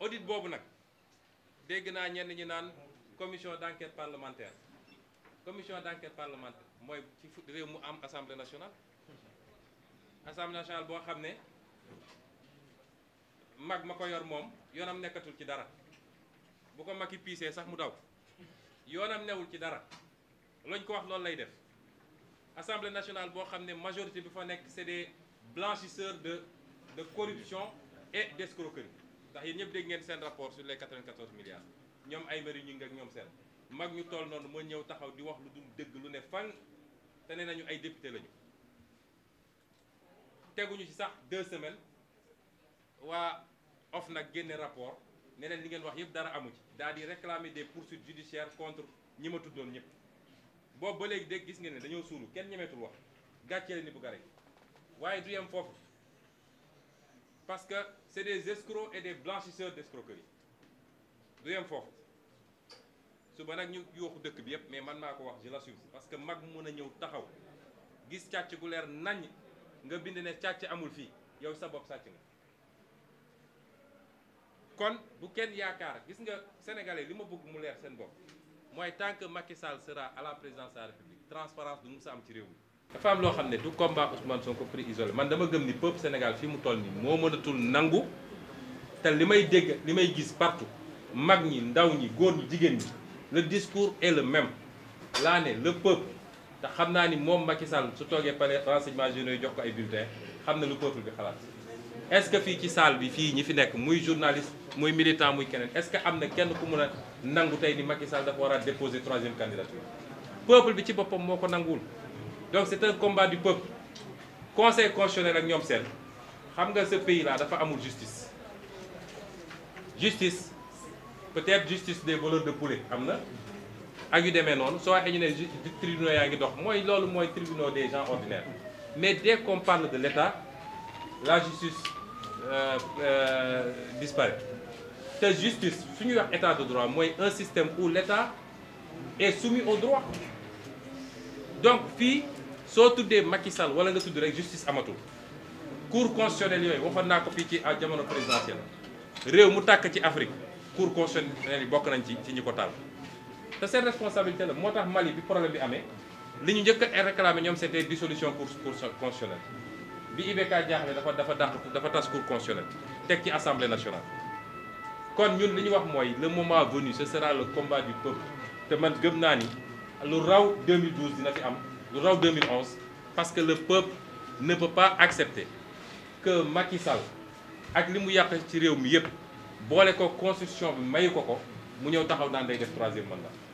audit bobu nak dégg naa ñenn ñi naan commission d'enquête parlementaire commission d'enquête parlementaire mooy ci réew mu am assemblée nationale assemblée nationale boo xam ne mag ma ko yor moom yoonam nekkatul ci dara bu ko magi piisee sax mu daw yoonam newul ci dara lañ ko wax loolu lay def assemblée nationale boo xam ne majorité bi fa nekk c'est des blanchisseurs de de corruption et d'escroquerie ndax yéen ñëpp dégg ngeen seen rapport sur les 94 milliards ñoom ay mbëri ñu ngi ak ñoom seen mag ñu tool noonu moo ñëw taxaw di wax lu dul dëgg lu ne fan te nee nañu ay député lañu teguñu ci sax deux semaines waa OFNAC génne rapport ne leen li ngeen wax yëpp dara amu ci daal di réclamer des poursuites judiciaires contre ñi ma tuddoon ñëpp boobu ba léegi dégg gis nga ne dañoo suulu kenn ñemeetul wax gàccee ni bu gare waaye du yem foofu parce que c'est des escrocs et des blanchisseurs d'escroquerie Deuxième fois, ce suba nous ñu yooxu dëkk bi yëpp mais man maa wax je l'assume parce que mag mun a taxaw gis càcc gu leer nañ nga bind ne càcc amul y yow sa bopp sàcc nga kon bu kenn yaakaar gis nga sénégalais li ma bëgg mu leer seen moi, tant que Macky Sall sera à la présidence de la République transparence du sera sa am ci dafa lo xamné du combat Ousmane Sonko pris isolé man dama gëm ni peuple Sénégal fi mu toll ni mo meunatul nangu te limay may dégg li gis partout mag ñi ndaw ñi goor ñi jigéen ni le discours est le même laa le peuple te xam ni mom Macky Sall su togué pare renseignements généraux jox ko ay bulletins xamna na lu peuple bi xalaat est-ce que fi ci salle bi fi ñi fi nek muy journaliste muy militant muy kenen est-ce que amna kenn ku mëna nangu tay ni Macky Sall dafa wara déposer troisième candidature peuple bi ci bopam moko nangul donc c'est un combat du peuple conseil constitutionnel ak sommes seen xam ce pays là dafa de justice justice peut-être justice des voleurs de poulet Amna. ak yu demee noonu soo tribunaux yaa ngi dox mooy tribunaux des gens ordinaires mais dès qu'on parle de l'État la justice euh, euh, disparaît Cette justice c'est état de droit moi, un système où l'État est soumis au droit donc puis soo des Macky voilà wala nga tudd rek justice amatul cour constitutionnelle yooyu waxoon naa ko fii a à jamono présidentielle réew mu ci Afrique cour constitutionnelle yi bokk nañ ci ci ñi ko taal. te responsabilité la moo Mali bi problème bi amé. li ñu réclame a réclamé ñoom c'était dissolution cour constitutionnelle bi IBK jaaxle dafa dafa dàq dafa tas cour constitutionnelle teg ci assemblée nationale. kon ñun li ñu wax le moment venu ce sera le combat du peuple te man gëm naa ni lu raw 2012 dina fi am lu 2011 parce que le peuple ne peut pas accepter que Macky Sall ak limu mu ci réew mi yëpp ko constitution bi ko ko mu ñew taxaw dans day troisième mandat